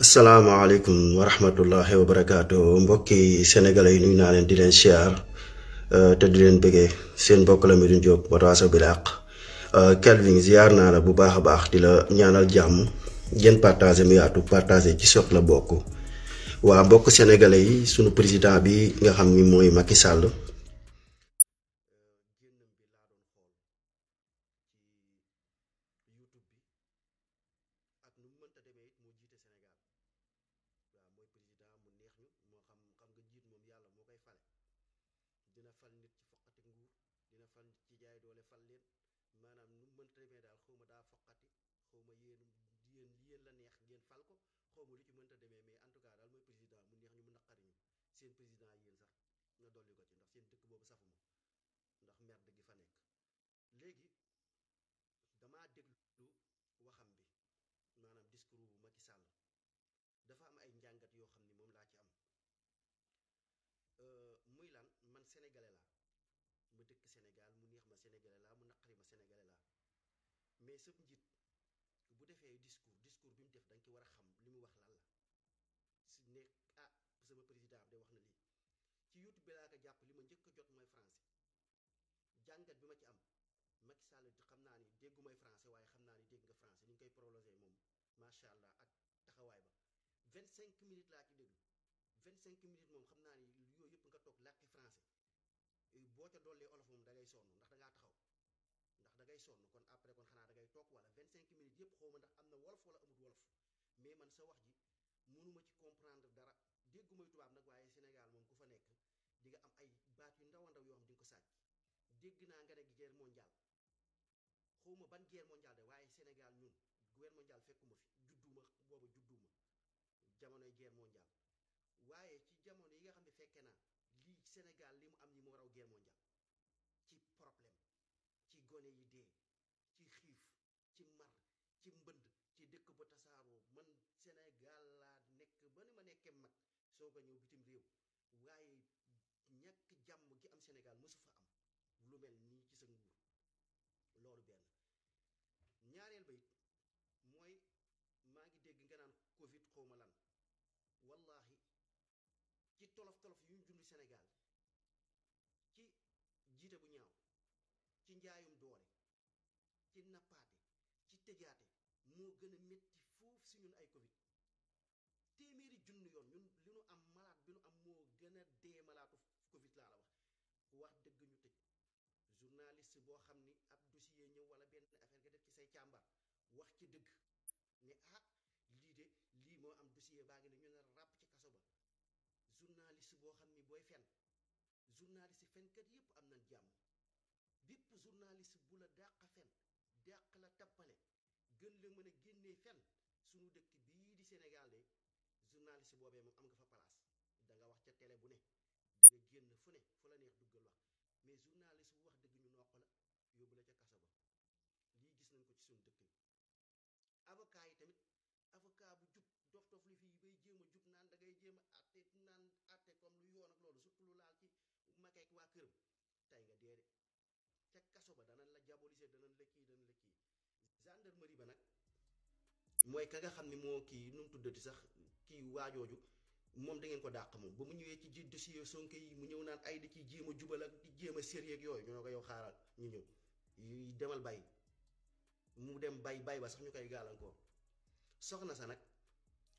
salaamaaleykum wa rahmatullahi wa barakaatu mbokki sénégalais yi nuyu naa leen di leen siyaar euh, te di leen bëggee seen mbokk la Medoune Diop Watawasaw Bil Haq euh, Kelvin ziar naa la bu baax a baax di la ñaanal jàmm ngeen partagé mu yaatu partagé ci soxla bokk waa mbokk sénégalais yi sunu président bi nga xam ni mooy Macky Sall yeen fal ko xawma lu ci mënta demee mais en tout cas daal mooy président mu neex ñu mu naqari ñu seen président yeen sax nga dolli ko ci ndax seen dëkk boobu safuma ndax merde gi fa nekk léegi dama déglu waxam bi discours bu Macky Sall dafa am ay njàngat yoo xam ni mula laa ci am euh, muy lan man sénégalais mudik ma dëkk sénégal mu neex ma sénégalais laa mu naqari ma sénégalais mais njit discours discours bi mu def da ki war a xam li mu wax lan la si ne ah sama président am de wax na lii ci youtube bi laa ko jàpp li ma njëkk a jot mooy français jàngat bi ma ci am Macky Sall xam naa ni déggu may français waaye xam naa ni dégg nga france ni ñu koy prolonger moom macha allah ak taxawaay ba 25 minutes laa ci déglu 25 minutes moom xam naa ni yooyu yëpp nga toog làkki français eh, boo ca dollee olof moom da sonn ndax da taxaw ngay sonn kon après kon xanaa da ngay toog wala 25 minutes yëpp xaw ndax am na wolof wala amul wolof mais man sa wax ji mënuma ci comprendre dara déggu tubaab nag waaye Sénégal moom ku fa nekk di am ay baat yu ndaw a ndaw yoo xam di ko sàcc dégg naa nga ne guerre mondiale xaw ma ban guerre mondiale de waaye Sénégal ñun guerre mondiale fekkuma fi judduma booba judduma jamonoy guerre mondiale waaye ci jamono yi nga xam ne fekke naa lii Sénégal li mu am ni moo raw guerre mondiale ci problème ci mar ci mbënd ci dëkk ba tasaaroo man Sénégal laa nekk ba ni ma nekkee mag soo ko ñëw bitim réew waaye ñàkk jàmm gi am Sénégal mësu fa am lu mel nii ci sa nguur loolu benn ñaareel ba mooy maa ngi dégg nga naan Covid xaw ma lan wallaahi ci tolof tolof yu ñu dund Sénégal tëjaate moo gën a metti foofu si ñun ay Covid téeméeri junn yoon ñun li ñu am malaat bi nu am moo gën a dee malaatu Covid laa la wax ku wax dëgg ñu tëj journaliste boo xam ni ab dossier ñëw wala benn affaire nga def ci say càmbar wax ci dëgg ne ah lii de lii moo am dossier baa ngi ne ñu ne ràpp ci kaso ba journaliste boo xam ni booy fen journaliste fenkat yépp am na jàmm bépp journaliste bu la dàq fen dàq la tappale gën la mën a génne fen sunu dëkk bii di Sénégal de journaliste boobee moom am nga fa place danga wax ca télé bu ne da génn fu ne fu la neex duggal wax mais journaliste bu wax dëgg ñu noq la yóbbu la ca kaso ba lii gis nañ ko ci suñu dëkk tamit avocat bu jub dof dof li jéem a jub naan da ngay jéem a atte naan atte lu yoon ak loolu surtout lu laal ci makeek waa këram tey nga dee de ca kaso ba danañ la diaboliser danañ lëkk kii danañ la kii gendarmerie ba nag mooy ka nga xam ne moo ki nu mu tuddati sax kii waajooju moom da ngeen ko dàq moom ba mu ñëwee ci ji dossier Sonko yi mu ñëw naan ay di ciy jéem jubal ak di jéem ak ko yow xaaral ñu yi demal bay, mu dem bay bay ba sax ñu koy gàllankoor soxna sa nag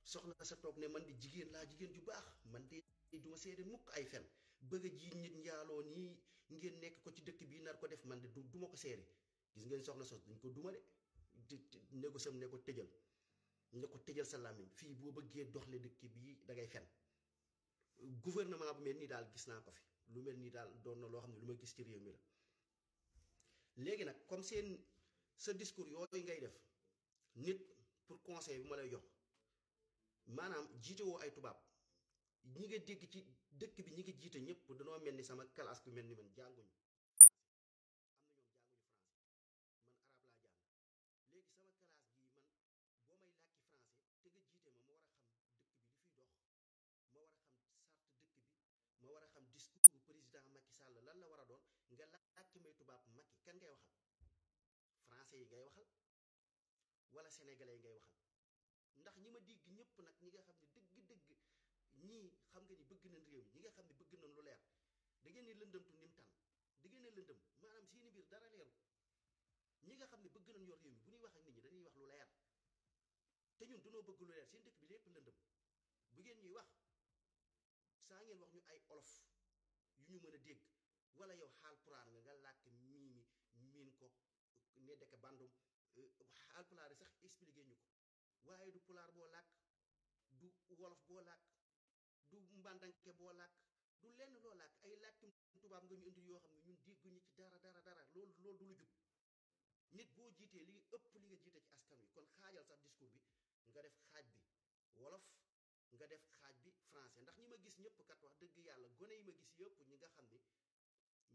soxna sa ne man di jigéen laa jigéen ju baax man de duma seede mukk ay fen bëgg a jiiñ nit njaaloo nii ngeen nekk ko ci dëkk bi nar ko def man de duma ko seede gis ngeen soxna dañ ko duma de ne ko sam ne ko tëjal ne ko tëjal sa làmmiñ fii boo bëggee doxle dëkk bii da ngay fen gouvernement bu mel nii daal gis naa ko fi lu mel nii daal doon na loo xam ne lu ma gis ci réew mi la léegi nag comme seen sa discours yooyu ngay def nit pour conseil bi ma lay jox maanaam jiite woo ay tubaab ñi nga dégg ci dëkk bi ñi nga jiite ñëpp danoo mel ni sama classe bi mel ni man jànguñ ngay waxal wala yi ngay waxal ndax ñi ma dégg ñëpp nag ñi nga xam ne dëgg-dëgg ñii xam nga ni bëgg nañ réew mi ñi nga xam ne bëgg nañ lu leer da ngeen ne lëndëmtu nim tan da ngeen ne lëndëm maanaam seeni biir dara leeru ñi nga xam ne bëgg nañ yor réew mi bu ñuy wax ak nit ñi dañuy wax lu leer te ñun dañoo bëgg lu leer seen dëkk bi lépp lëndëm bu ngeen ñuy wax saa ngeen wax ñu ay olof yu ñu mën a dégg wala yow xaal puraan nga nga làkk ne dëkk bandum euh, alpulaar sax expliqué ñu ko waaye du pulaar boo làkk du wolof boo làkk du mbandanke boo làkk lenn loo làkk ay làkkum tubaab nga ñu yoo xam ne ñun dégguñu ci dara dara dara loolu loolu du nit boo jiitee li ëpp li nga jiite ci askan wi kon xaajal sax discours bi nga def xaaj bi wolof nga def xaaj bi français ndax ñi ma gis ñëpp kat wax dëgg yàlla gone yi ma gis yëpp ñi nga xam ni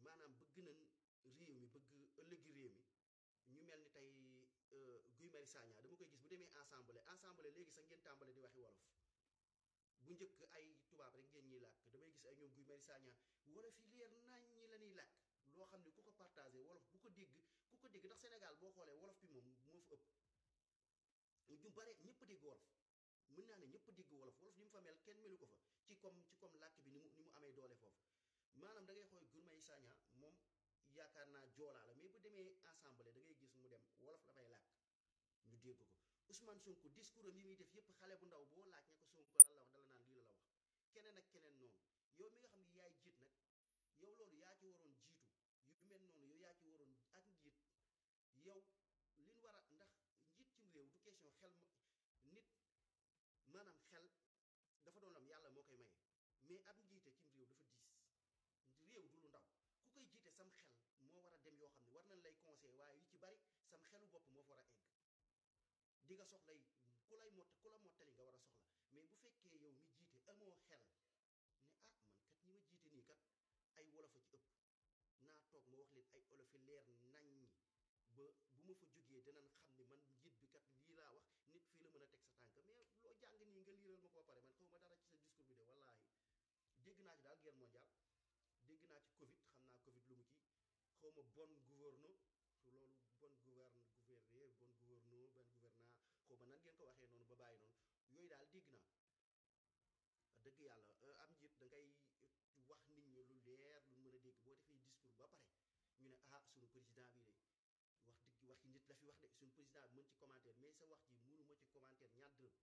maanaam bëgg nañ réew mi bëgg ëllëgi réew mi ñu mel ni tey euh, Guy Marius Sagna dama koy gis bu demee assemblée assemblée léegi sax ngeen tàmbale di waxi wolof bu njëkk ay tubaab rek ngeen ñi làkk damay gis ay ñoom Guy Marius Sagna wolof yi leer nañ ñi la ñuy làkk loo xam ne ku ko partagé wolof bu ko dégg ku ko dégg ndax Sénégal boo xoolee wolof bi moom moo fa ëpp ñu bare ñëpp dégg wolof mun naa ne ñëpp dégg wolof wolof ni mu fa mel kenn melu ko fa ci comme ci comme làkk bi ni mu ni mu amee doole foofu maanaam da ngay xool Guy Marius moom yaakaar naa joolaa la mais bu demee assemblée da ngay gis mu dem wolof la fay làkk ñu dégg ko Ousmane sunk discours yi muy def yépp xale bu ndaw boo laaj ne ko Sonko lan la wax dala naan lii la la wax keneen ak keneen noonu yow mi nga xam ne yaay jiit nag yow loolu yaa ci waroon jiitu yu mel noonu yow yaa ci waroon ak njiit yow liñ war a ndax njiit cim réew du question xel nit maanaam xel dafa doon yàlla moo koy maye mais ab njiit li nga soxla ku lay mott ku la mottali nga war a soxla mais bu fekkee yow mi jiite amoo xel ne ah man kat ñi ma jiite nii kat ay wolof a ci ëpp naa toog ma wax leen ay olof yi leer nañ ñi ba bu ma fa jógee dinañ xam ne man njiit bi kat lii laa wax nit fii la mën a teg sa tànk mais loo jàng nii nga liiral ma ko pare man xaw ma dara ci sa discours bi de wallaahi dégg naa ci daal guerre mondiale dégg naa ci Covid xam naa Covid lu mu ci xaw ma bon gouverneur yooyu daal dégg naa dëgg yàlla euh, am njiit da ngay wax nit ñi lu leer lu mën a dégg boo defee discours ba pare ñu ne ah suñu président bi de wax dëgg waxi nit la fi wax de suñu président bi mën ci commentaire mais sa wax ji mënuma ci commentaire ñaar dërëm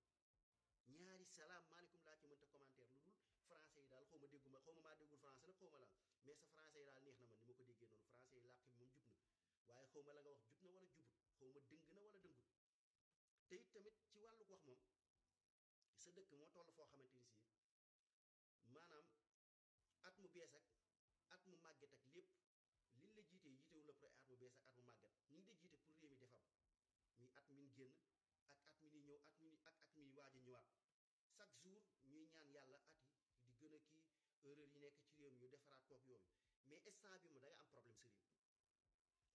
ñaari salaam maaleykum laa ci mënta commentaire lu dul français yi daal xaw ma dégguma xaw ma maa déggul français nag xaw ma la mais sa français yi daal neex na ma ni ma ko déggee noonu français yi jub na waaye xaw ma la nga wax jub na wala jubut xaw ma dëng na wala dëngut te it sa dëkk moo toll foo xamante ni si maanaam at mu bees ak at mu màgget ak lépp liñ la jiitee jiitewul la pour at mu bees ak at mu màgget ñu ngi la jiite pour réew mi defar muy at min génn ak at mi ni ñëw at mi ak at mi waaj ñëwaat chaque jour ñuy ñaan yàlla at di gën a kii erreur yi nekk ci réew mi ñu defaraat kook yooyu mais instant bi mu da am problème sa réew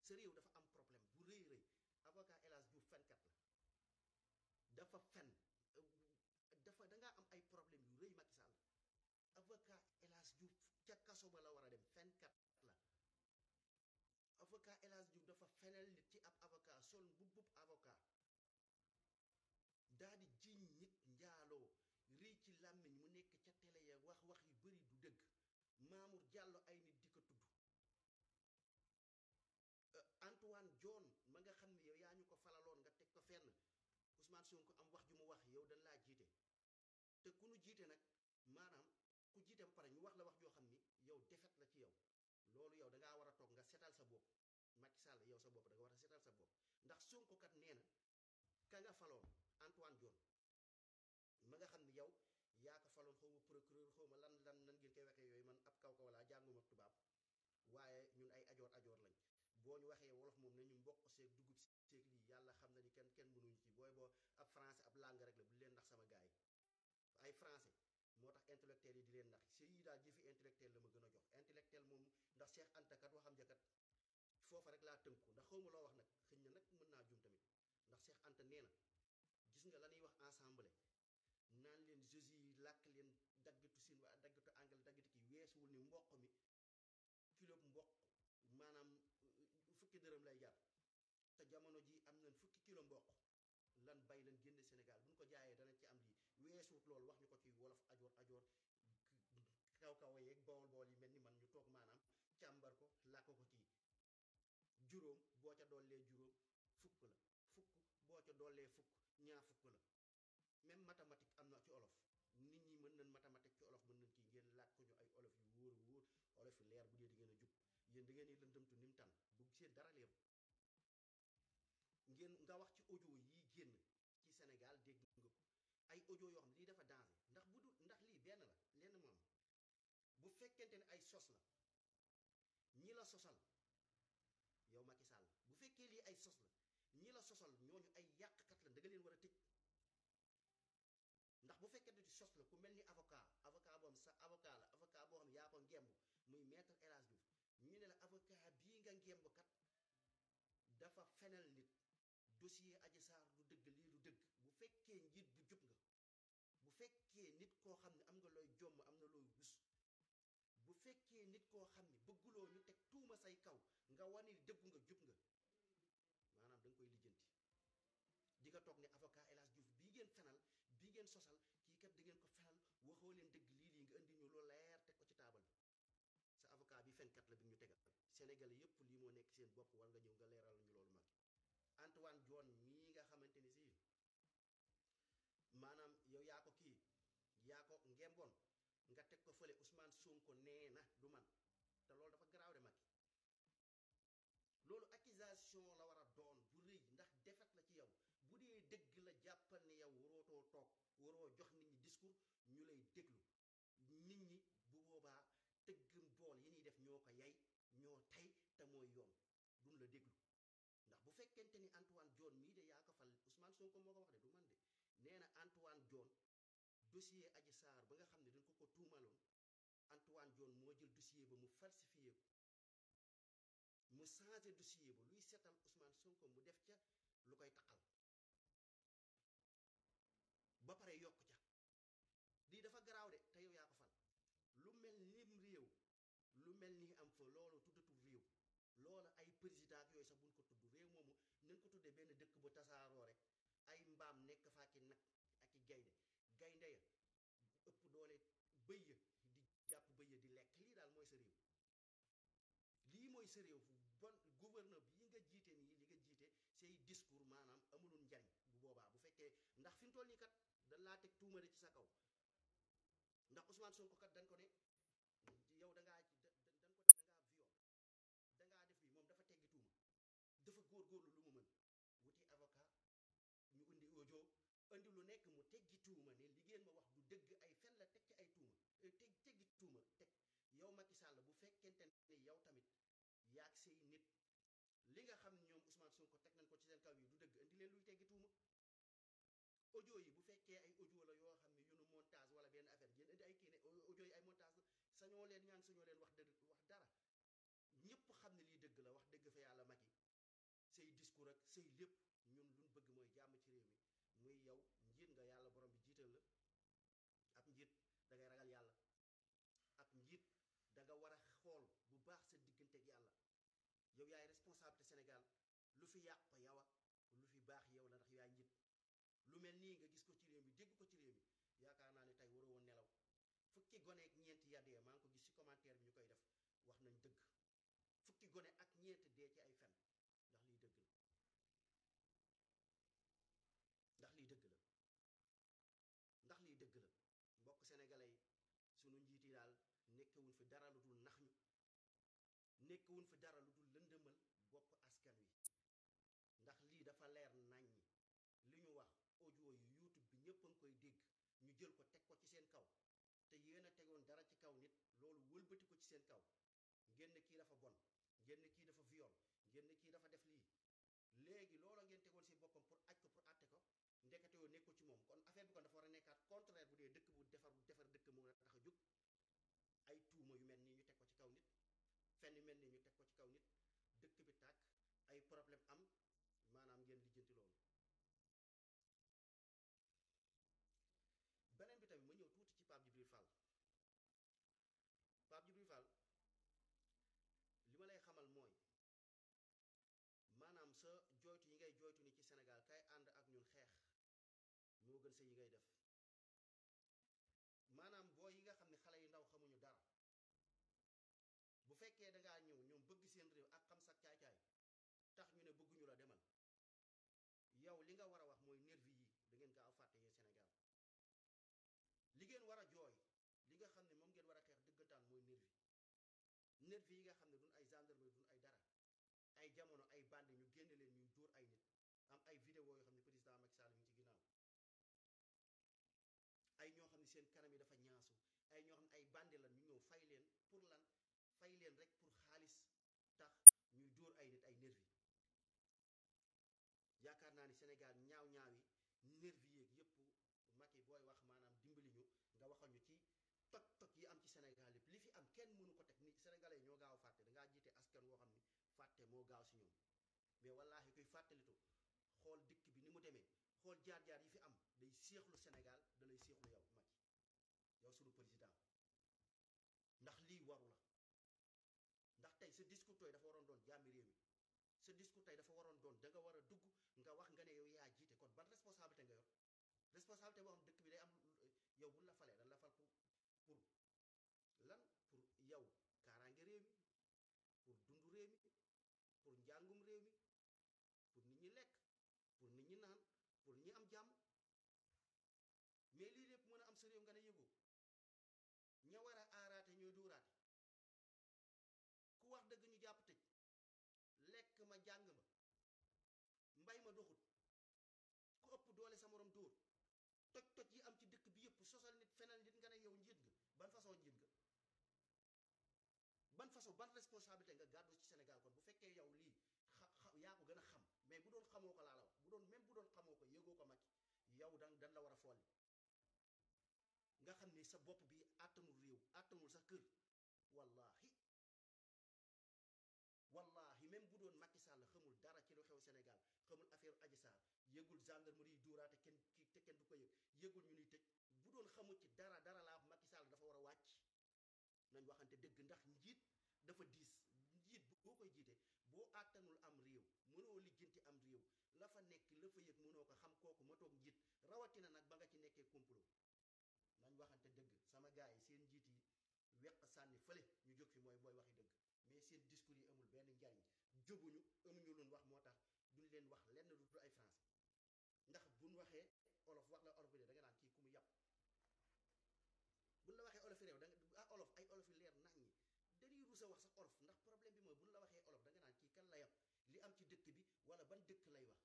sa réew dafa am problème bu rëy rëy avocat El Hadj fenkat la dafa fen Elaas Diouf ca kaso ba la war dem fenkat la avocat Elaas Diouf dafa fenel nit ci ab avocat sol mbubbub avocat daa di jiiñ nit njaaloo rii ci làmmiñ mu nekk ca télé ya wax wax yu bari du dëgg Mamour Diallo ay nit di ko tudd euh, Antoine jon ma nga xam ne yow yaa ñu ko falaloon nga teg ko fenn Ousmane Sonko am wax ju mu wax yow dañ laa jiite te ku nu jiite nag maanaam ku jiite ba pare ñu wax la wax joo xam ni yow defet la ci yow loolu yow da ngaa war a nga setal sa bopp Macky Sall yow sa bopp da nga war a setal sa bopp ndax Sonko kat nee ka nga faloon Antoine Diome ma nga xam ni yow yaa ko faloon xaw ma procureur xaw lan lan nan ngeen koy waxee yooyu man ab kaw kaw laa jànguma tubaab waaye ñun ay ajoor ajoor lañ boo ñu wolof moom nañu mbokk seeg dugub seeg lii yàlla xam ni ken kenn mënuñu ci booy boo ab français ab langue rek la bu leen ndax sama gaay ay français moo tax intellectuel yi di leen nax yi daal jëfi intellectuel la ma gën a jox intellectuel moom ndax Cheikh Anta kat waxam jakat foofa rek laa tënku ndax xawma loo wax nag xëñ na nag mën naa jum tamit ndax seex Anta nee na gis nga la ñuy wax ensemble naan leen jésus yi làkk leen daggitu siin waa daggitu anglais daggitu ki weesuwul ni mboq mi kilo mboq maanaam uh, fukki ndërëm lay jar te jamono ji am nañ fukki kilo mboq lan bay lan génn Sénégal buñ ko jaayee weesuut loolu wax ñu ko ci wolof ajoor ajoor kaw kaw yeeg bawol bawol yi mel ni man ñu toog maanaam càmbar ko làkk ko ci juróom boo ca dollee juróom fukk la fukk boo ca dollee fukk ñaar fukk la même mathématique am na ci olof nit ñi mën nañ mathématique ci olof mën nañ kii ngeen laaj ñu ay olof yu wóor wóor olof yu leer bu dee di ngeen a jub yéen da ngeen di lëndëmtu ni mu tan bu seen dara leer fekkente ne ay sos la ñi la sosal yow Macky Sall bu fekkee lii ay sos la ñi la sosal ñooñu ay yàqkat la war a tëj ndax bu fekkente ci sos ku mel ni avocat avocat boo xam sa ngemb muy maître El ñu ne la avocat bii nga ngemb kat dafa fenal nit dossier Adji du dëgg lii du dëgg bu fekkee njiit bu jub nga bu fekkee nit koo xam ne am fekkee nit koo xam ni bëgguloo ñu teg tuuma say kaw nga wane dëggu nga jub nga maanaam da koy lijjanti di nga toog ne avocat El Hadj Diouf bii ngeen fenal bii ngeen sosal kii kat da ngeen ko fenal waxoo leen dëgg lii lii nga indi ñu lu leer teg ko ci taabal bi sa avocat bi fenkat la bi ñu tegal Sénégalais yépp lii moo nekk seen bopp war nga ñëw nga leeral ñu loolu mag Antoine Diome mii nga xamante ni si maanaam yow yaa ko kii yaa ko ngemboon nga teg ko fële Ousmane Sonko nee na du man te loolu dafa garaaw de Macky loolu accusation la war a doon bu rëy ndax defet la ci yow bu dee dëgg la jàppal ne yow warootoo toog waroo jox nit ñi discours ñu lay déglu nit ñi bu boobaa tëggum bool yi ñuy def ñoo ko yay ñoo tey te mooy yoon dun la déglu ndax bu fekkente ni Antoine Diome mii de yaa ko fal Ousmane Sonko moo ko wax de du man de nee na Antoine Diome dossier Adji Sarr ba nga xam ne dañ ko ko tuumaloon Antoine Diome moo jël dossier ba mu falsifié mu changé dossier ba luy seetal Ousmane Sonko bu def ca lu koy taqal ba pare yokk ca lii dafa garaaw de te yow yaa ko fal lu mel nim réew lu mel ni am fa loolu tuddatul réew loola ay président ak yooyu sax buñ ko tudd réew moomu nañ ko tuddee benn dëkk bu tasaaroo rek ay mbaam nekk fa ak i nag ak i gaynde gaynde ya ëpp doole bëy ya di jàpp bëy ya di lekk lii daal mooy sa réew lii mooy sa réew fu bon gouverneur bi yi nga jiite nii li nga jiite say discours maanaam amulul njariñ bu boobaa bu fekkee ndax fi mu toll nii kat dañ laa teg tuuma ci sa kaw ndax Ousmane Sonko kat dañ ko ne andi lu nekk mu teggi tuuma ne li ngeen ma wax du dëgg ay fen la teg ci ay tuuma eh, teg teggi tuuma teg yow Macky Sall bu fekkente ne yow tamit yaag say nit li nga xam ñoom Ousmane Sonko teg nañ ko ci seen kaw yi du dëgg indi leen luy teggi tuuma audio yi bu fekkee ay ojo la yoo xam ne yunu montage wala benn affaire ngeen indi ay kii ne yi ay montage la sañoo leen ñaan sañoo leen wax dëgg wax dara ñëpp xam ne lii dëgg la wax dëgg fa yàlla Macky say discours ak say lépp muy yow njiit nga yàlla borom bi jiital la ab njiit dangay ragal yàlla ak njiit danga nga war a xool bu baax sa digganteeg yàlla yow yaay responsabilité Sénégal lu fi yàq ko yow lu fi baax yow la ndax yaay njiit lu mel nii nga gis ko ci réew bi dégg ko ci réew mi yaakaar naa ne tey waroo woon nelaw fukki goneek ñeenti yàddee maa ngi ko gis ci commentaire bi ñu koy def wax nañ dëgg fukki gone dara lu dul nax ñu nekkiwuñ fi dara lu dul lëndëmal bopp askan wi ndax lii dafa leer nañ ñi li ñu wax audio yuutu bi ñëpp a koy dégg ñu jël ko teg ko ci seen kaw te yéen a tegoon dara ci kaw nit loolu wëlbati ko ci seen kaw ngeen kii dafa bon ngeen kii dafa viol ngeen ne kii dafa def lii léegi loola ngeen tegoon si boppam pour aj ko pour àtte ko ndekete yoo nekkul ci moom kon affaire bi kon dafa war a nekkaat contraire bu dee dëkk bu fenn mel ni ñu teg ko ci kaw nit dëkk bi tàkk ay problème am maanaam ngeen lijjanti loolu beneen bi tamit ma ñëw tuuti ci Pape Djibril Fall Pape Djibril Fall li ma lay xamal mooy maanaam sa jooytu yi ngay jooytu ni ci Sénégal kay ànd ak ñun xeex moo gën sa yi ngay def yow li nga war a wax mooy nervi yi dangeen ngeen gaaw fàtte yee Sénégal li ngeen war a jooy li nga xam ne moom ngeen war a xeex dëggantaan mooy nervi nervi yi nga xam ne duñ ay gendarmerie du ay dara ay jamono ay bandi ñu génne leen ñuy dóor ay nit am ay vidéo yoo xam ne président Macky Sall mi ci ginnaaw ay ñoo xam ne seen kanam yi dafa ñaasu ay ñoo xam ne ay bandi la ñu ñëw fay leen pour lan fay leen rek pour askan woo xam ni fàtte moo gaaw si ñoom mais wallaahi kuy fàttalitu xool dikk bi ni mu demee xool jaar-jaar yi fi am day séexlu Sénégal da lay séexlu yow Macky yow sunu président ndax lii waru la ndax tey sa discours tooy dafa waroon doon jàmmi réew mi sa discours tey dafa waroon doon da nga war a dugg nga wax nga ne yow yaa jiite kon ban responsabilité nga yor responsabilité boo xam dëkk bi day am yow bu la falee façon njiit nga ban façon ban responsabilité nga gàddu ci Sénégal kon bu fekkee yaw lii xa yaa ko gën a xam mais bu doon xamoo ko laa la wax bu doon même bu doon xamoo ko yëgoo ko Macky yow dan dan la war a folli nga xam ni sa bopp bi àttanul réew àttanul sa kër wallahi wallahi même bu doon Macky Sall xamul dara ci lu xew Sénégal xamul affaire Adji Sarr yëgul gendarmerie yi dóoraate kenn te kenn du ko yëg yëgul ñu ni tëj bu doon xamul ci dara dara laa nañ waxante dëgg ndax njiit dafa diis njiit boo koy jiite boo àttanul am réew mënoo lijjanti am réew la fa nekk la fa yëg mënoo ko xam kooku ma toog njiit rawatina nag ba nga ci nekkee complot nañ waxante dëgg sama gars yi seen njiit yi weq sànni fële ñu jóg fi mooy mooy waxi dëgg mais seen discours yi amul benn njariñ jóguñu amuñu luñ wax moo tax duñ leen wax lenn du ay France olof ndax problème bi mooy bu ñu la waxee olof da naan kii kan la yab li am ci dëkk bi wala ban dëkk lay wax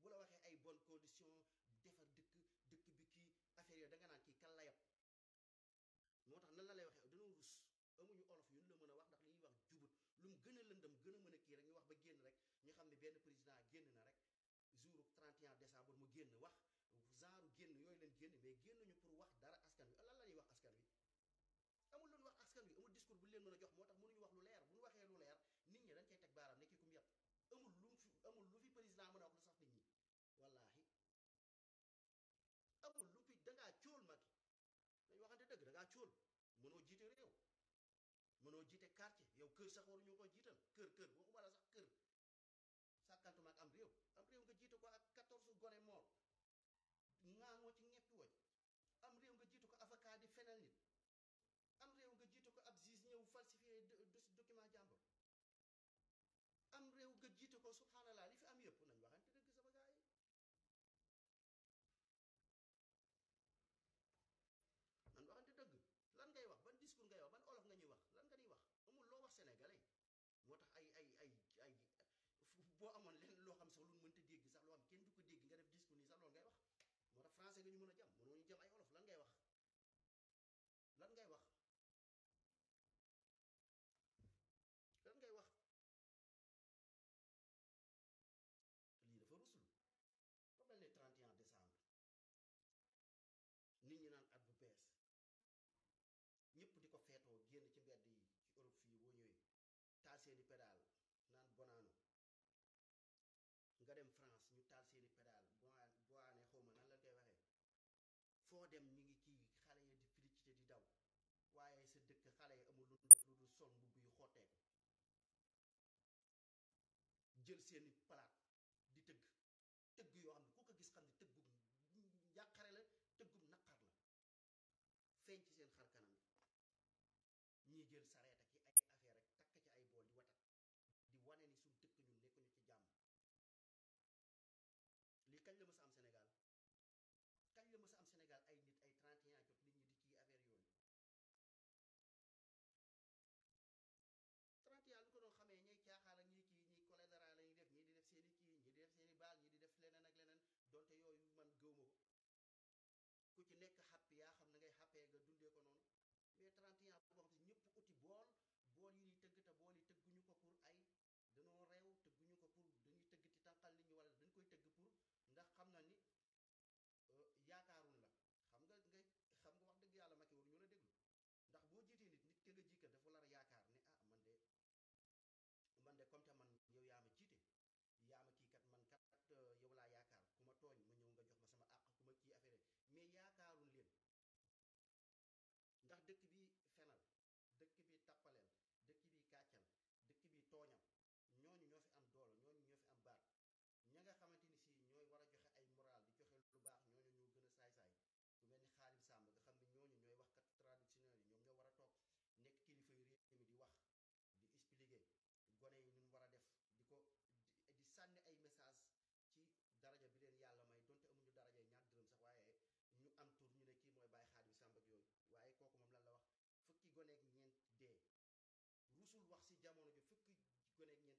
bu la waxee ay bonnes conditions defar dëkk dëkk bi kii affaire yooyu da nga naan kii kan la yab moo tax nan la lay waxee dañoo rus amuñu olof yu ñu la mën a wax ndax li ñuy wax jubut lu mu gën a lëndëm gën mën a kii rek ñu wax ba génn rek ñu xam ne benn président génn na rek jour 31 décembre mu génn wax genre génn yooyu leen génn mais génnuñu pour amul lu fi président mën a wax lu sax fi ñi wallaahi amul lu fi dangaa cóol Macky dañ waxante dëgg dangaa cóol mënoo jiite réew mënoo jiite quartier yow kër sax waruñu ko jiital kër kër waxuma la sax kër sàkkantuma ak am réew am réew nga jiite ko ak quatorze gone moor ŋaangoo ci ñett boo amoon lenn jël seeni xam na ni musul wax si jamono ji fukki gone ak ñeent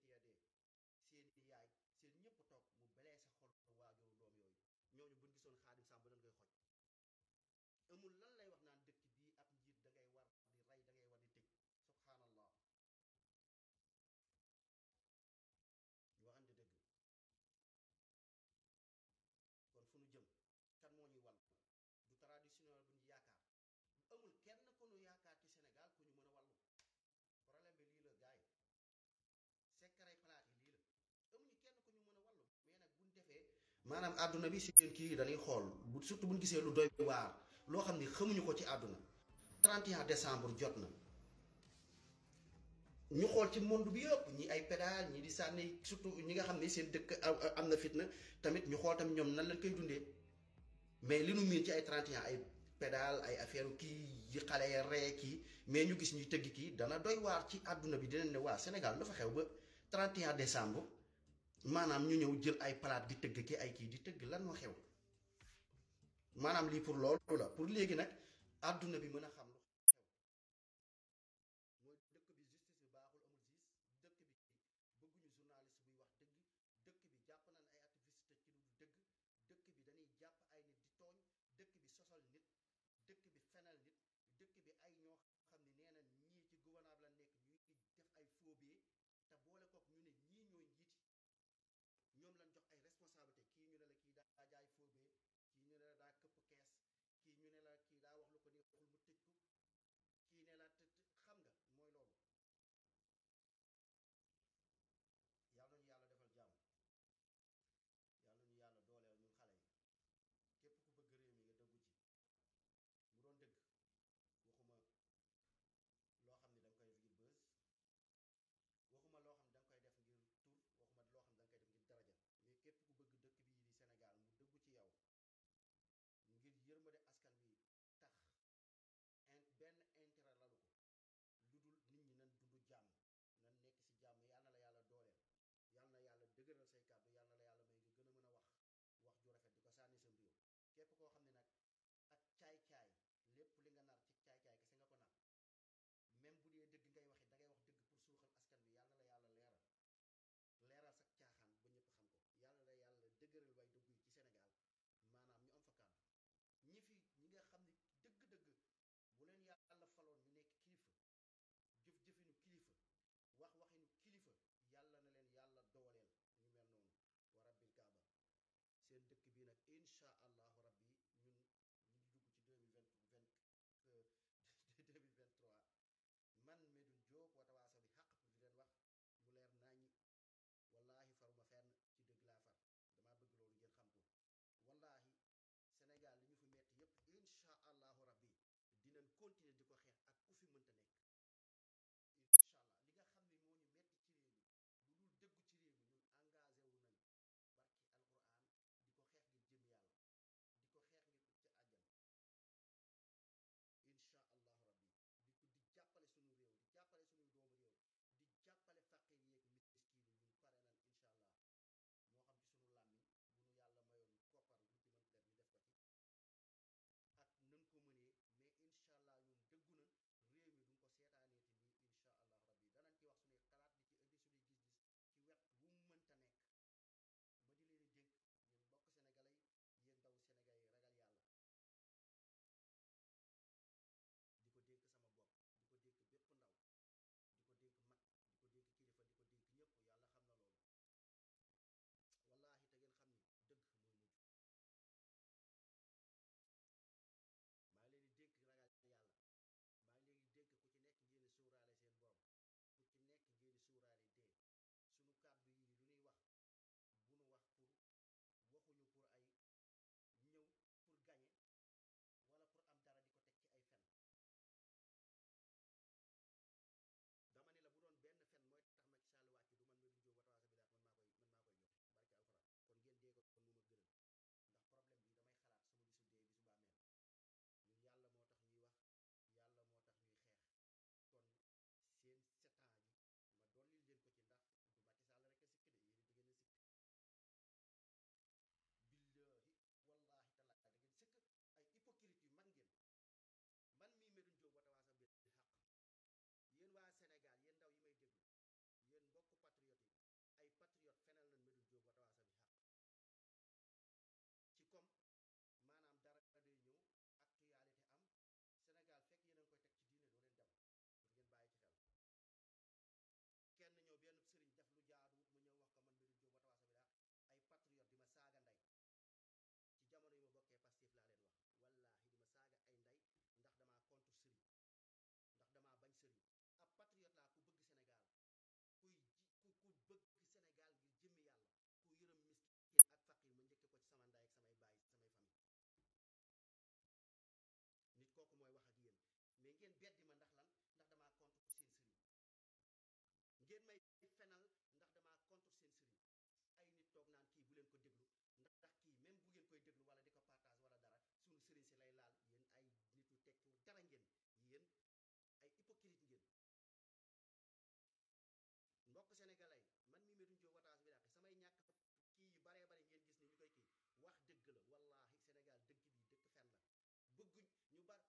maanaam àdduna bi seen kii dañuy xool bu surtout bu ñu gisee lu doy waar loo xam ni xamuñu ko ci àdduna 31 décembre jot na ñu xool ci monde bi yëpp ñi ay pédale ñi di sànni surtout ñi nga xam ne seen dëkk am na fitna tamit ñu xool tamit ñoom nan lañ koy dundee mais li nu miin ci ay 31 ay pédale ay affaire kii yi xale ya ree mais ñu gis ñuy tëgg kii dana doy waar ci àdduna bi dinañ ne waa Sénégal dafa xew ba 31 décembre. maanaam ñu ñëw jël ay palaat di tëgg ki ay kii di tëgg lan moo xew maanaam lii pour loolu la pour léegi nag àdduna bi mën a xam. incha allahu rabbi ñun ñu ngi dugg ci deux mille vingt vingt euh, deux mille vingt trois man Medoune Diop bi xaq pour di leen wax mu leer naa naññi wallaahi faruma fenn ci dëgg laa far dama bëgg loolu ngeen xam ko wallaahi Sénégal li ñu fi metti yépp incha allahu rabbi dinañ continuer di ko xeex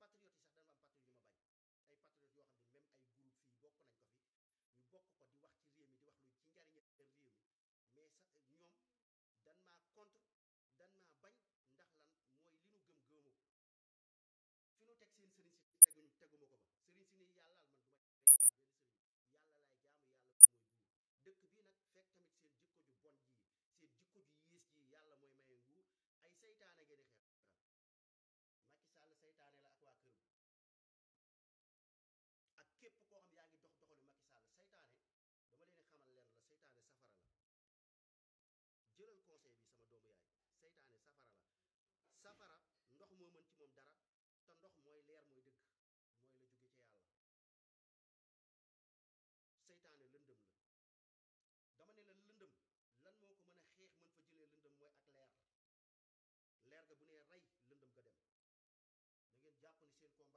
patriotes yi sax dañu am patriotes yu ma bañ ay patriotes yoo xam ne même ay groupe fii bokk nañ ko fi ñu bokk ko di wax ci réew mi di wax lu ci njariñal réew mi mais sax ñoom dan maa contre dan maa bañ ndax lan mooy li nu gëm gëmoo ko fi nu teg seen sëriñ si teguñu teguma ko ba sëriñ si ni yàllaal man du ma yàllaal benn sëriñ yàlla laay jaamu yàlla mooy buur dëkk bii nag fekk tamit seen jikko ju bon jii seen jikko ju yées jii yàlla mooy may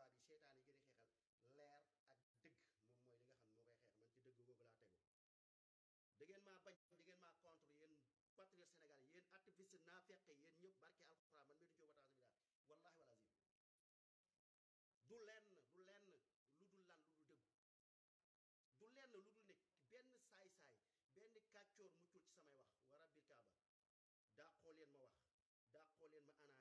combat bi seytaan yi gën a xeexal leer ak dëgg moom mooy li nga xam ne moo koy xeex man ci dëgg boobu laa tegu da ngeen maa bañ da ma maa contre yéen patriote sénégal yéen activiste naa fekke yéen ñëpp barke alxuraan man mii di jóg wataas bi daal wallaahi wala azim du lenn du lenn lu dul lan lu dul dëggu du lenn lu dul nekk benn saay-saay benn kàccoor muccul ci samay wax wara bir kaaba leen ma wax daa leen ma ana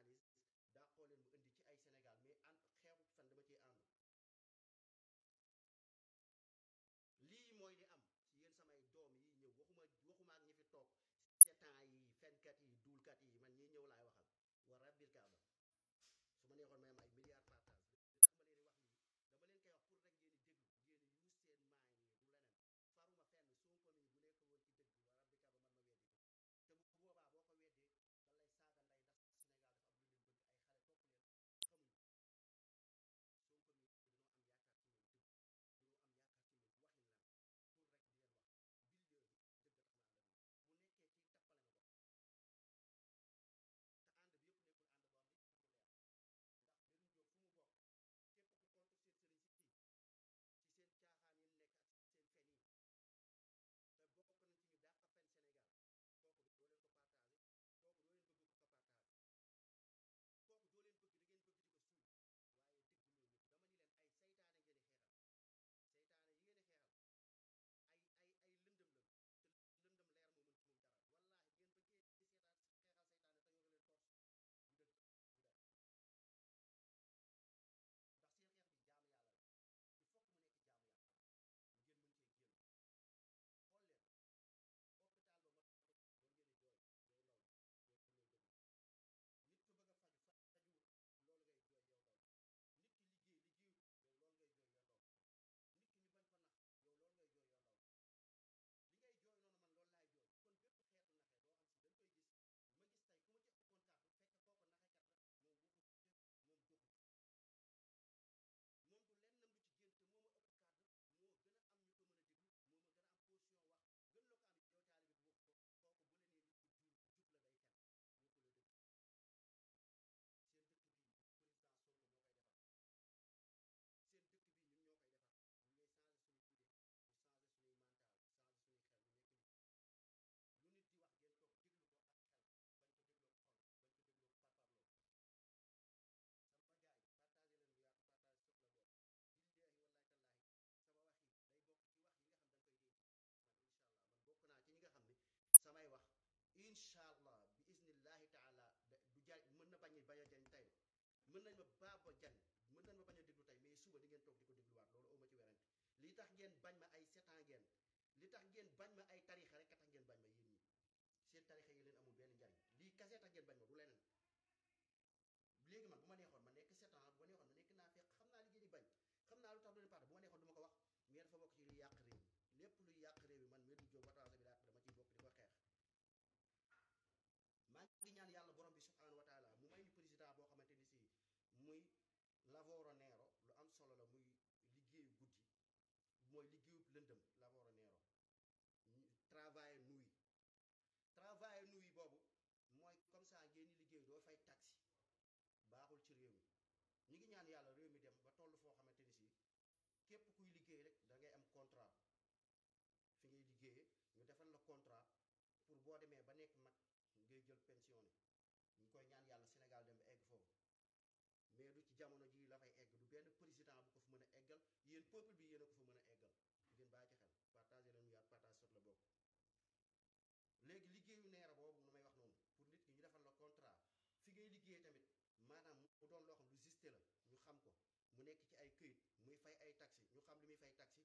mën nañ ma baaba jan mën nañ ma bañ a déglu tey mais suba di ngeen toog di ko dégluwaat loolu awma ci werante li tax ngeen bañ ma ay setan ngeen li tax ngeen bañ ma ay tarixa rek a tax ngeen bañ ma yéen ñi seen tarixa yi ñaan ba toll foo xamante ni si képp kuy liggéey rek dangay am contrat fi ngay liggéeyee ñu defal la contrat pour boo demee ba nekk mag ngay jël pension yi ñu koy ñaan yàlla Sénégal dem egg foofu mais du ci jamono ji la fay egg du benn président bu ko fi mën a eggal yéen peuple bi yéen ko fa mën a eggal ngeen bàyyi ci xel partagé leen yaag partage sot la bokk léegi liggéeyu neera boobu nu may wax noonu pour nit ñu defal la contrat fi ngay mu nekk ci ay këyit muy fay ay taxi ñu xam li muy fay taxi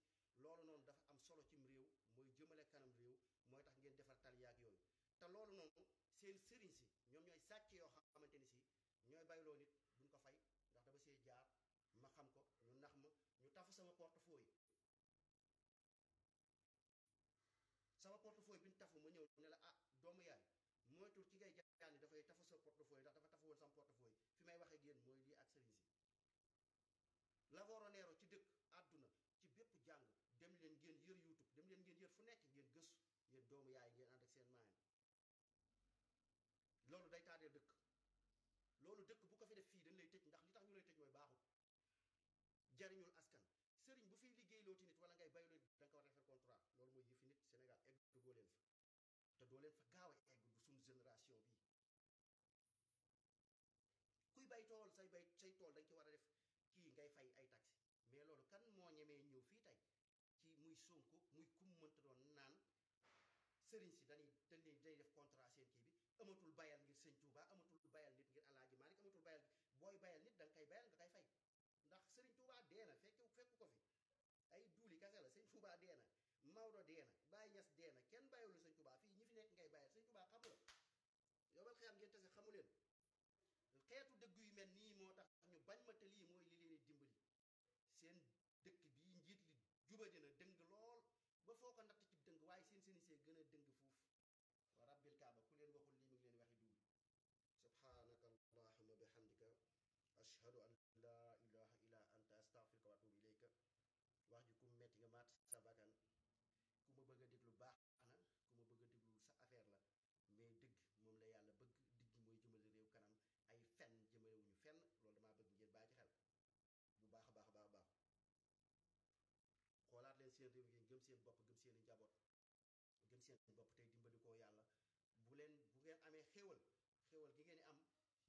loolu noonu dafa am solo cim réew mooy jëmale kanam réew mooy tax ngeen defar tal yaag yooyu te loolu noonu seen sëriñ si ñoom ñooy sàcc yoo xamante ni si ñooy bayloo nit duñ ko fay ndax dama see jaar ma xam ko ñu nax ma ñu tafu sama portefeuille sama portefeuille bi ñu tafu ma ñëw ne la ah doomu yaay moytul ci ngay jaani dafay tafu sa portefeuille yéen doomu yaay ngeen ànd ak seen loolu day taadee dëkk loolu dëkk bu ko fi def fii dañ lay tëj ndax li tax ñu lay tëj mooy baaxul jariñul askan sëriñ bu fiy liggéey looti nit wala ngay bay loo da nga ko war a defar contrat loolu mooy yëfi nit Sénégal egg dugoo leen fa te doo leen fa gaaw a egg bu suñu génération bii kuy bay tool say bay say tool dañ ci war a def kii ngay fay ay taxi mais loolu kan moo ñemee ñëw fii tey ci muy Sonko muy kum mënta doon sëriñ si dañuy dañ leen day def contrat seen kii bi amatul bayal ngir sëñ Touba amatul bayal nit ngir Alaaji Maalik amatul bayal booy bayal nit da nga koy bayal nga koy fay ndax sëriñ Touba dee na fekk fekku ko fi ay duuli kase la sëñ Touba dee na Maodo dee na Baye Niass kenn bàyyiwul sëñ seen bopp gëm seen i njaboot gëm seen bopp tey dimbali koo yàlla bu leen bu ngeen amee xéewal xéewal gi ngeen am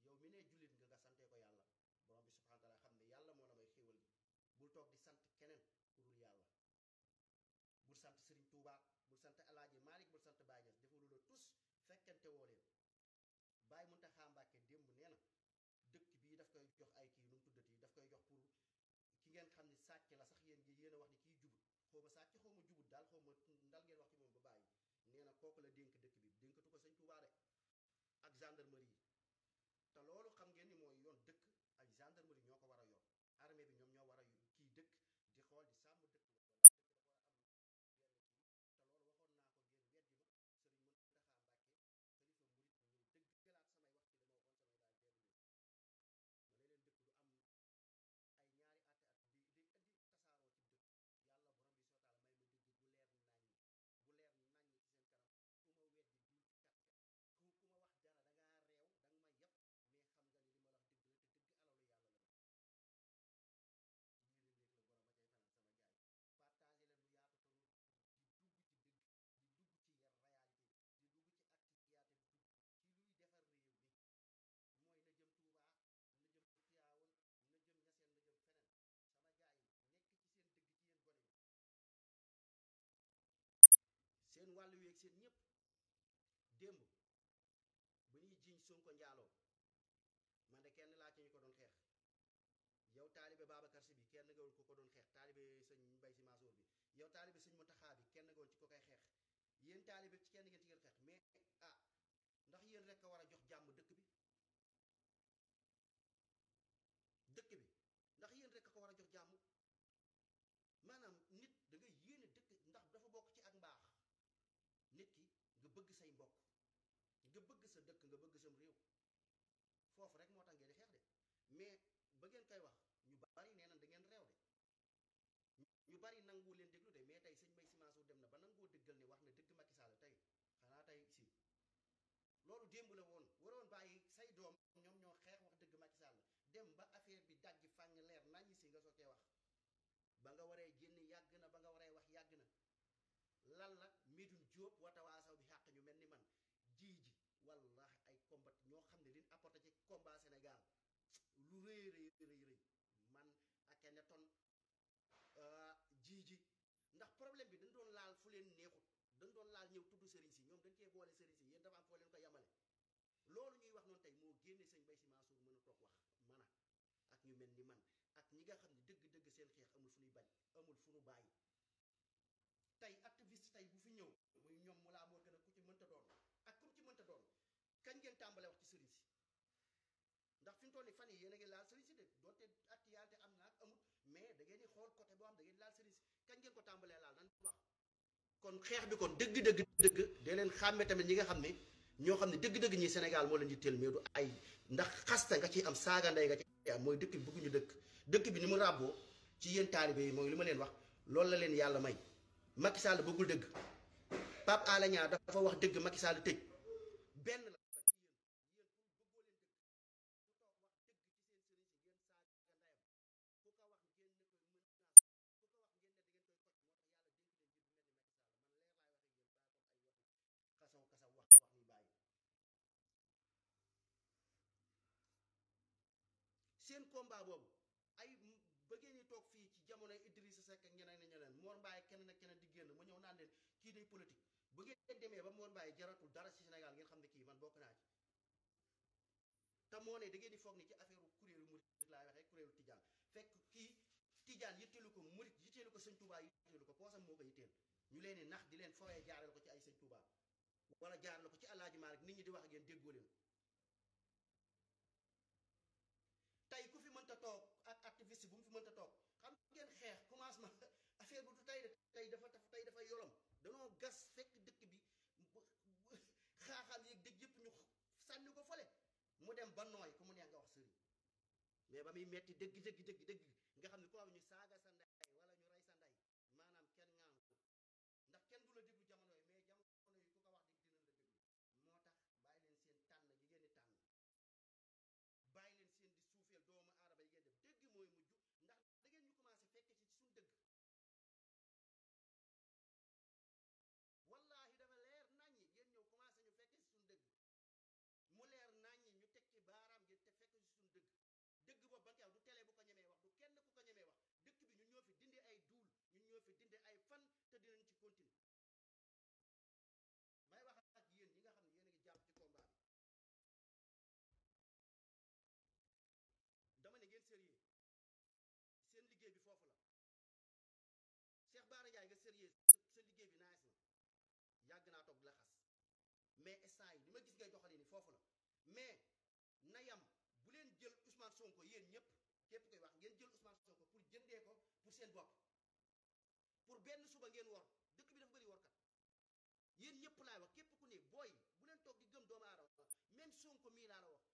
yow mi ne jullit nga nga sante ko yàlla borom bi subhanahu xam ne yàlla moo la may xéewal bi bul toog di sant keneen pour dul yàlla bul sant sëriñ Touba bul sant Alaaji Malick bul sant Baye Niass defalu la tus fekkente woo leen Baye Mountakha Mbacké démb nee na dëkk bii daf koy jox ay kii nu tuddati daf koy jox pour ki ngeen xam ne sàcc la sax yéen ngi yéen wax ni ma ndal ngeen wax ci moom ba bàyyi nee na kooku la dénk dëkk bi dénkatu ko sëñ Touba de ak gendarmerie taalibe Babacar Si bi kenn nga woon ko ko doon xeex taalibe sëñ Mbay Si Mansour bi yow taalibe sëñ Mountakha bi kenn nga woon ci ko koy xeex yéen taalibe ci kenn ngeen ci ngeen xeex mais ah, ndax yéen rek a war a jox jàmm dëkk bi bi ndax yéen rek a war a jox jàmm maanaam nit da nga yéene dëkk ndax dafa bokk ci ak mbaax nit ki nga bëgg say mbokk nga bëgg sa dëkk nga bëgg sam réew foofu rek moo tax ngeen di xeex de mais ba ngeen koy wax bari nee na dangeen ngeen réew de ñu bari nangu leen déglu de mais tey sëñ May Sy Mansour dem na ba nangoo dëggal ne wax na dëgg Macky Sall tey xanaa tey si loolu démb la woon waroon bàyyi say doom ñoom ñoo xeex wax dëgg Macky Sall dem ba affaire bi daj fàng leer naññi si nga soo sookee wax ba nga waree génn yàgg na ba nga waree wax yàgg na lan la Medoune Diop watawaasaw bi xàq ñu mel ni man ji ji wallahi ay combat ñoo xam ne liñ apporté ci combat Sénégal lu rëy ñëw tudd sëriñ si ñoom dañ cee boole sëriñ si yéen dafa am foo leen ko yamale loolu ñuy wax noonu tey moo génne sëñ Bay Si Mansour mën a toog wax man ak ñu mel ni man ak ñi nga xam ne dëgg-dëgg seen xeex amul fu ñuy bañ amul fu ñu bàyyi tey activiste tey bu fi ñëw muy ñoom mu laa moo ku ci mënta doon ak ku ci mënta doon kañ ngeen tàmbale wax ci sëriñ si ndax fi mu toll nii fan yi yéen a ngi laal sëriñ si de doonte actualité am na ak amul mais da ngeen di xool côté boo xam da ngeen laal sëriñ si kañ ngeen ko tàmbalee laal nan wax kon xeex bi kon dëgg-dëgg dëgg dee leen xàmme tamit ñi nga xam ne ñoo xam ne dëgg-dëgg ñi Sénégal moo leen di teel du ay ndax xasta nga ci am saaga ndey nga ci am mooy dëkk bi bëgguñu dëkk dëkk bi ni mu ràbboo ci yéen taalibe mooy li ma leen wax loolu la leen yàlla may Macky Sall bëggul dëgg Pape Alé Niang dafa wax dëgg Macky Sall tëj benn combat boobu ay bëggee ñu toog fii ci jamono Idrissa Seck ak ñeneen ak ñeneen Mor Mbaye kenn ak keneen di génn ma ñëw naan leen kii day politique bu ngeen demee ba Mor Mbaye jaratul dara ci Sénégal ngeen xam ne kii man bokk naa ci te moo ne da ngeen di foog ni ci affaire kuréelu mu murit laay waxee kuréelu tijaan fekk kii tijaan yitteelu ko mu murit yitteelu ko sëñ Touba yitteelu ko poosam moo ko yitteel ñu leen di nax di leen fooyee jaaral ko ci ay sëñ Touba wala jaaral ko ci Alaaji Maalik nit ñi di wax ak yéen leen mënta toog xam ngeen xeex commencement affaire bi du tay de tey dafa tey dafa yolom danoo gas fekk dëkk bi xaaxaal yeeg dëj yëpp ñu sànni ko fële mu dem ba nooy ko mu nee nga wax sëriñ mais ba muy metti dëgg dëgg dëgg dëgg nga xam ne ku am ñu saaga sa ndey dinde ay fan te dinañ ci continuer may wax ak yéen ñi nga xam ne yéen a ngi jàpp ci combat bi dama ne ngeen sérieux seen liggéey bi foofu la Cheikh Bara Ndiaye nga sérieux seen liggéey bi nice na yàgg naa toog la mais instant yi ma gis ngay doxalee ni foofu la mais na yam bu leen jël Ousmane Sonko yéen ñëpp képp koy wax ngeen jël Ousmane Sonko pour jëndee ko pour seen bopp benn suba ngeen wor dëkk bi dafa bëri workat yéen yëpp laay wa képp ku ne booy bu leen toog di gëm doomu aadama même Sonko mii laa la wax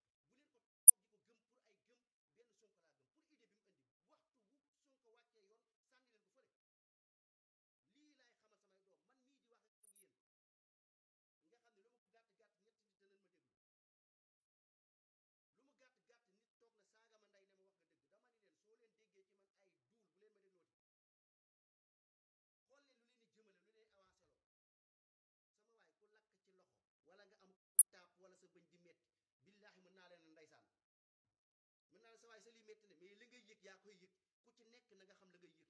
waaye sa lii métti na mais li ngay yëg yaa koy yëg ku ci nekk na nga xam la ngay yëg ku ca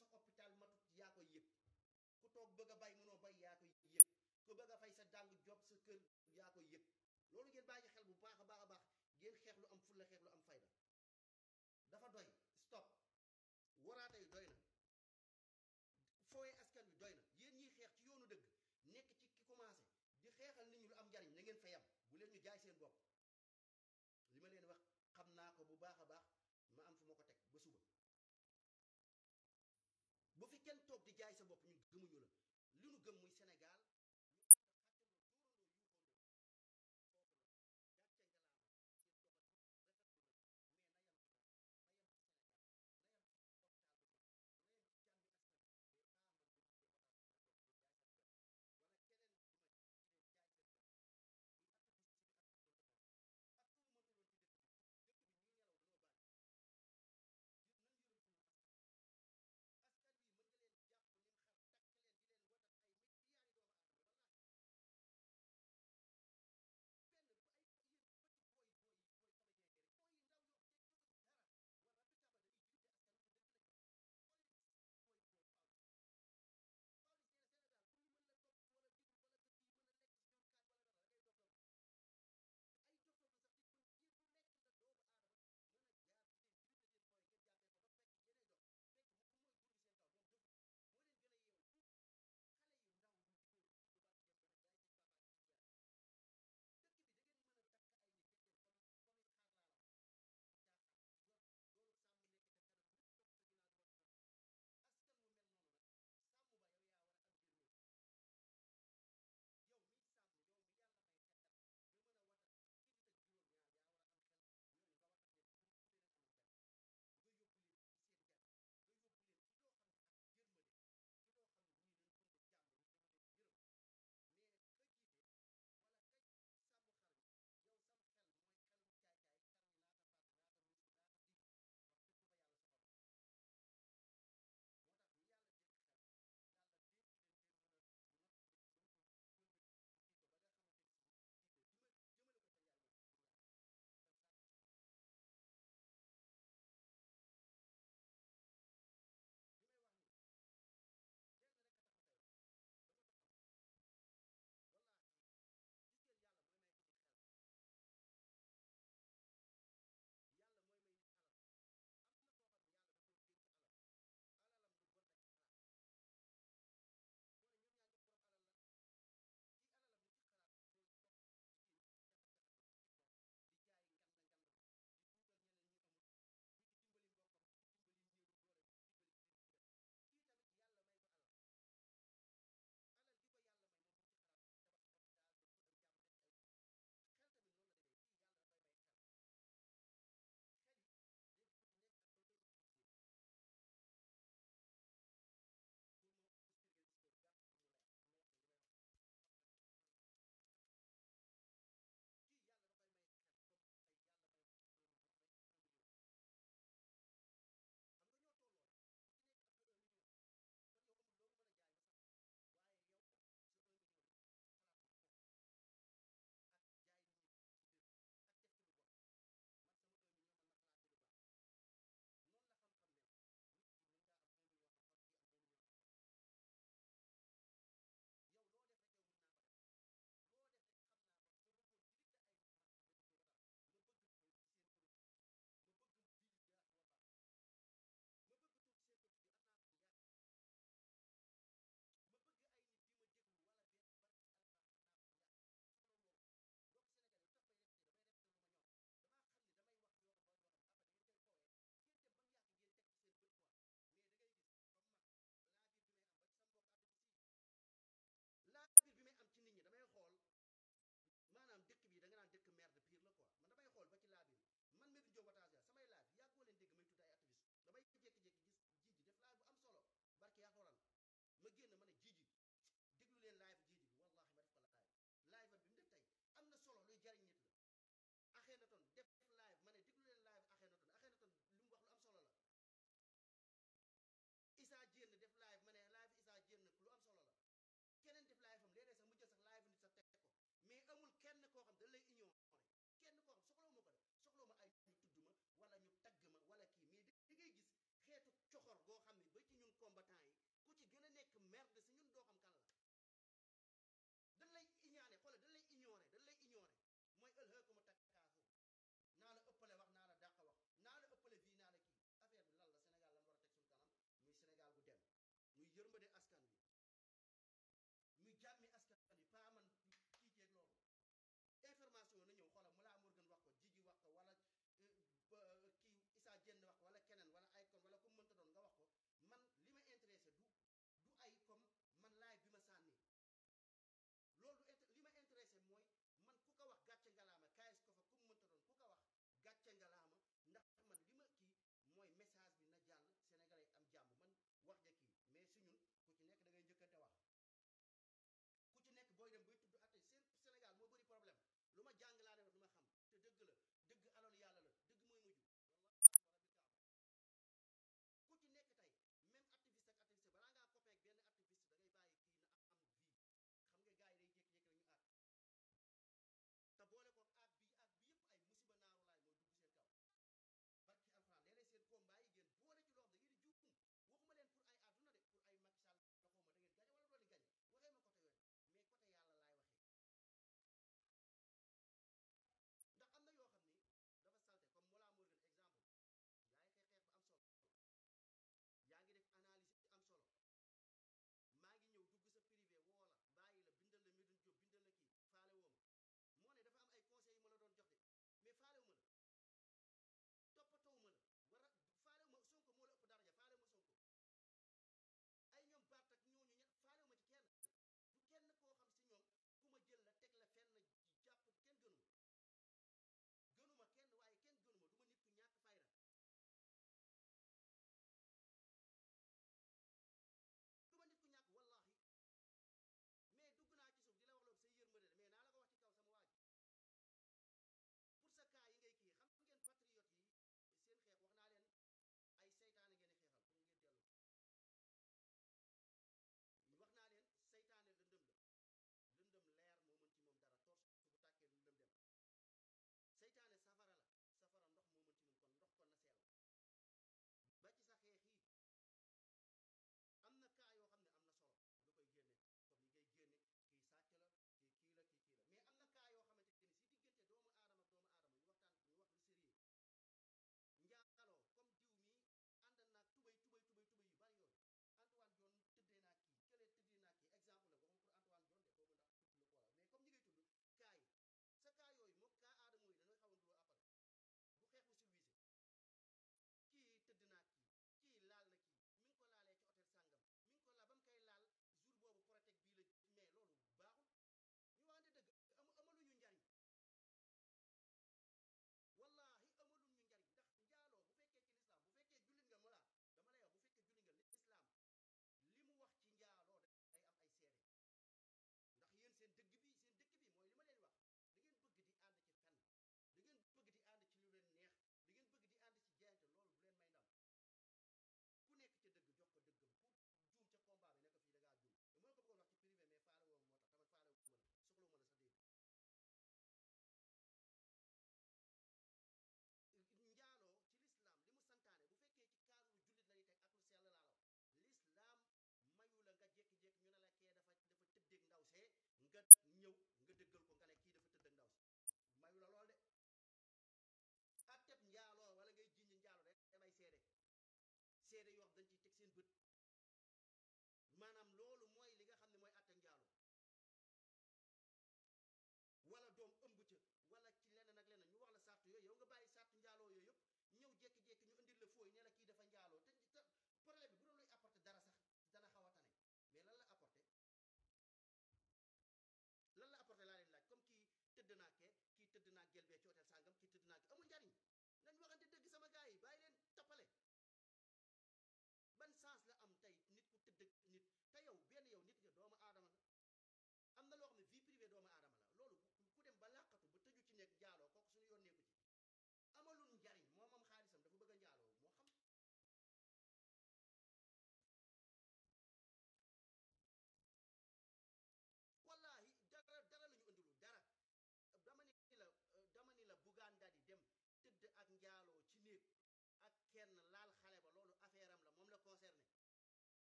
sa hôpital matut yaa koy yëg ku toog bëgg a bay noo bay yaa koy yëg ku bëgg a fay sa dàng job sa kër yaa koy yëg loolu ngeen bàyyi xel bu baax a baax a baax ngeen xeex lu am fulla xeex lu am kenn toog di jaay sa bopp ñun gëmuñu la li ñu gëm muy Sénégal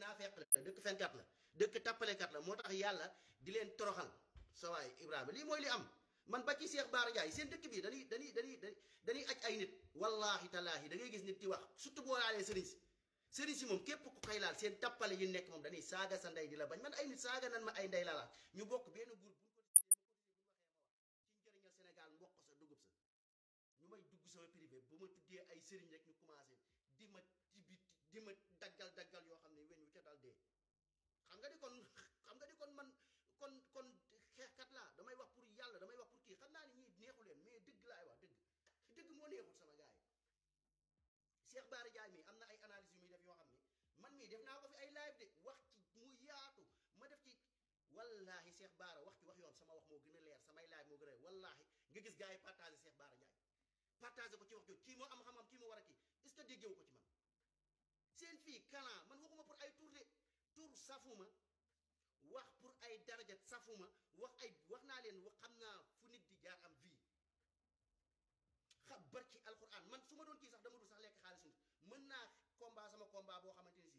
nafiq la dëkk fenkat la dëkk tappalekat la moo tax yàlla di leen toroxal sa waay ibrahima lii mooy li am man ba ci Cheikh Baara Ndiaye seen dëkk bi dañuy dañuy dañuy dañuy aj ay nit wallahi talaahi da ngay gis nit di wax surtout boo laalee sëriñ si sëriñ si moom képp ku koy laal seen tappale yi nek moom dañuy saga sa ndey di la bañ man ay nit saga nan ma ay ndey la laal ñu bokk benn groupe buñ ko disee ma ko disee buñ waxee ma wax ci njëriñal Sénégal mboq sa dugub sa ñu may dugg sama privé bu ma tuddee ay sëriñ rek ñu commencé di ma dima ma def naa ko fi ay live de wax ci mu yaatu ma def ci wallaahi Cheikh Bara wax ci wax yoon sama wax moo gën a leer samay live moo gën a leer nga gis gars yi partagé Cheikh Bara Ndiaye partagé ko ci wax jooju kii moo am xam-xam kii moo war a kii est-ce que déggewu ko seen fii kalan man waxuma pour ay tour de tour safuma wax pour ay darajat safuma wax ay wax naa leen wax xam naa fu nit di jaar am vie xabar ci alxuraan man su ma doon cii sax dama dul sax lekk xaalis mën naa combat sama combat boo xamante ni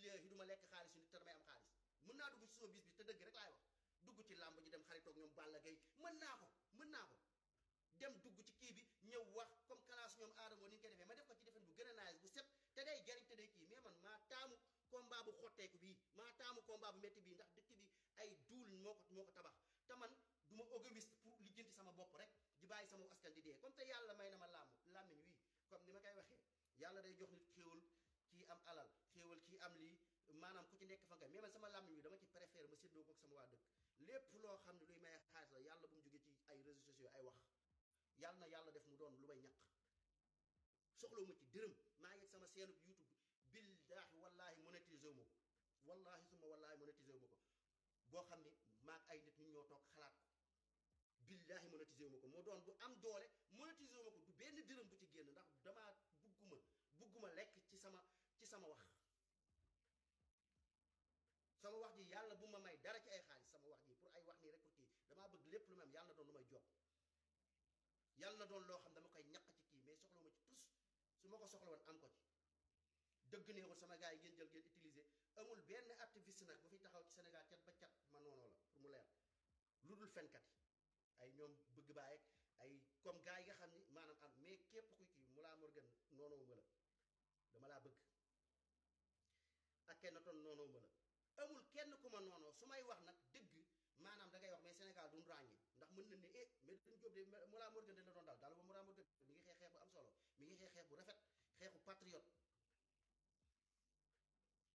billaahi du ma lekk xaalis nit te damay am xaalis mën naa dugg ci soo bis bi te dëgg rek laay wax dugg ci làmb ji dem xaritoog ñoom Balla Gaye mën naa ko mën naa ko dem dugg ci kii bi ñëw wax comme classe ñoom aadamoo ni ñu koy defee ma def ko ci defen bu gën a bu set te day jariñ te man maa taamu combat bu xotteeku bii maa taamu combat bu métti bii ndax dëkk bi ay duul moo ko moo ko tabax te man du ma égoïste pour lijjanti sama bopp rek di bàyyi sama askan di dee comme te yàlla may na ma làmb làmmiñ wii comme ni ma koy waxee yàlla day jox nit xéwal ci am alal am lii maanaam ku ci nekk fa nga mais man sama làmmiñ bi dama ci préfère ma séddoo ko ak sama waa dëkk lépp loo xam ne luy may xaalis la yàlla bu mu ci ay réseaux sociaux ay wax yàlla na yàlla def mu doon lu may ñaq soxla ci dërëm maa ngi sama seenu YouTube billaahi wallaahi monétisé wu ma ko wallaahi suma wallaahi monétisé wu ma ko boo xam ne maag ay nit ñu ñoo toog xalaat ko billaahi monétisé wu ma ko moo doon bu am doole monétisé wu ma ko du benn dërëm bu ci génn ndax damaa bugguma bugguma lekk ci sama ci sama wax yàlla na doon loo xam dama koy ñaq ci kii mais soxla ma ci tus su ma ko soxla woon am ko ci dëgg neexul sama gars yi ngeen jël ngeen utiliser amul benn activiste nag bu fi taxaw ci Sénégal cat ba cat ma noonu la mu leer lu dul fenkat ay ñoom bëgg bàyyeeg ay comme gars nga xam ni maanaam am mais képp kuy kii mu laa morgan noonoo la dama laa bëgg ak kenn ton noonoo ma la amul kenn ku ma noonoo su may wax nag dëgg maanaam da ngay wax mais Sénégal duñ ràññee ndax mën na ne eh Medun Diop de Mollah Morgun de la doon daal daal ba Mollah Morgun mi ngi xeex xeex bu am solo mi ngi xeex xeex bu rafet xeexu patriote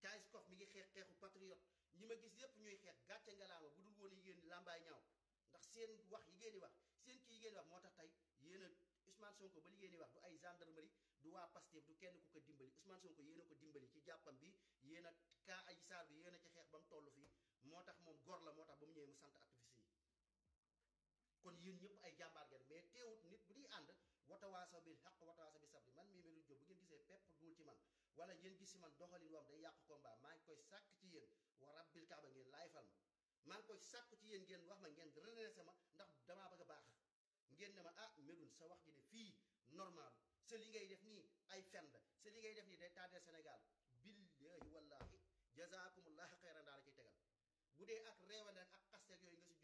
Kayskov mi ngi xeex xeexu patriote ñi ma gis yépp ñuy xeex gàcce nga laama bu dul woon yéen làmbaay ñaaw ndax seen wax yi ngeen di wax seen kii yi ngeen di wax moo tax tey yéen a Ousmane Sonko ba li ngeen di wax du ay gendarmerie du waa Pastef du kenn ku ko dimbali Ousmane Sonko yéen a ko dimbali ci jàppam bi yéen a kaa ay saar bi yéen a ci xeex ba mu toll fii moo tax moom gor la moo tax ba mu ñëwee mu sant activiste kon yéen ñëpp ay jàmbaar ngeen mais teewut nit bu di ànd watawaasaw bil haqq watawaasaw bis sabr man mii melu jóg bu ngeen gisee pepp duul ci man wala ngeen gis man doxalin wam day yàq combat maa wa rabbil kaaba ma maa ngi koy sàkk ci yéen ngeen wax ma ngeen renoncer ma ndax damaa bëgg a baax ngeen ne ma ah Medoune sa wax ji ne fii normal sa li ngay def nii ay fen la sa li ngay def nii day tardé Sénégal billahi wallahi jazakumullah xayran daal la ciy tegal bu dee ak réewande ak xasteeg yooyu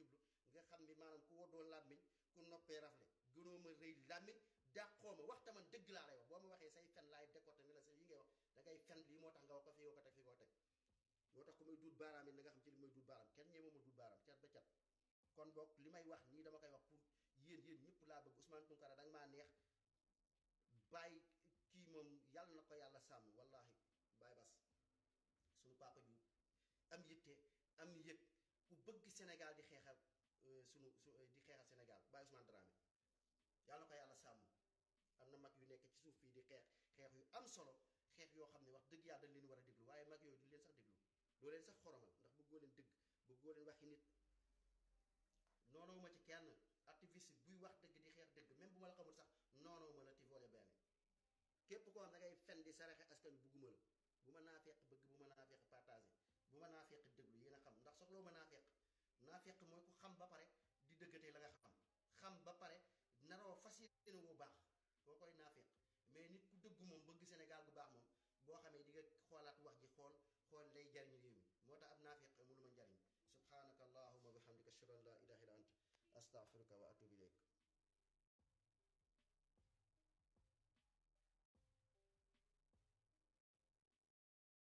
xam ni maanaam ku woddoo làmmiñ ku noppee rafle gënoo ma rëy làmmiñ dàqoo ma wax taman dëgg laa lay wax boo ma waxee say fen laay décorté mi la sa yi ngay wax da ngay fen lii moo tax nga wax ko fi nga ko teg fi nga ko moo tax ku may duut baaraam yi na nga xam ci li may duut baaraam kenn ñee mooma duut baaraam cat ba cat kon boog li may wax nii dama koy wax pour yéen yéen ñëpp laa bëgg Ousmane Tounkara da nga maa neex bàyyi kii moom yàlla na ko yàlla sàmm wallahi Baye Bass suñu papa ju am yitte am yëg ku bëgg Sénégal di xeexal Euh, sunu su euh, di xeexal Sénégal Baye Ousmane Dramé yàlla ko yàlla sàmm am na mag yu nekk ci suuf fii di xeex xeex yu am solo xeex yoo xam ne wax dëgg yàlla dañ leen war a déglu waaye mag yooyu du leen sax déglu doo leen sax xoromal ndax bëggoo leen dëgg bëggoo leen waxi nit noonoo ma ci kenn activiste buy wax dëgg di xeex dëgg même bu ma la xamul sax noonoo ma la ti volet benn képp koo xam da ngay fen di saraxe askan bugguma la bu ma naa feeq bëgg bu ma a naafeq mooy ku xam ba pare di dëggatee la nga xam xam ba pare naroo fas yéene wu baax koo koy naafeq mais nit ku dëggu moom bëgg Sénégal gu baax moom boo xamee di nga xoolaat wax ji xool xool lay jariñ réew mi moo tax ab naafeq mënu ma njariñ subhanaka allahuma xam bihamdika ashhadu an la ilaha illa ant astaghfiruka wa atubu ilayk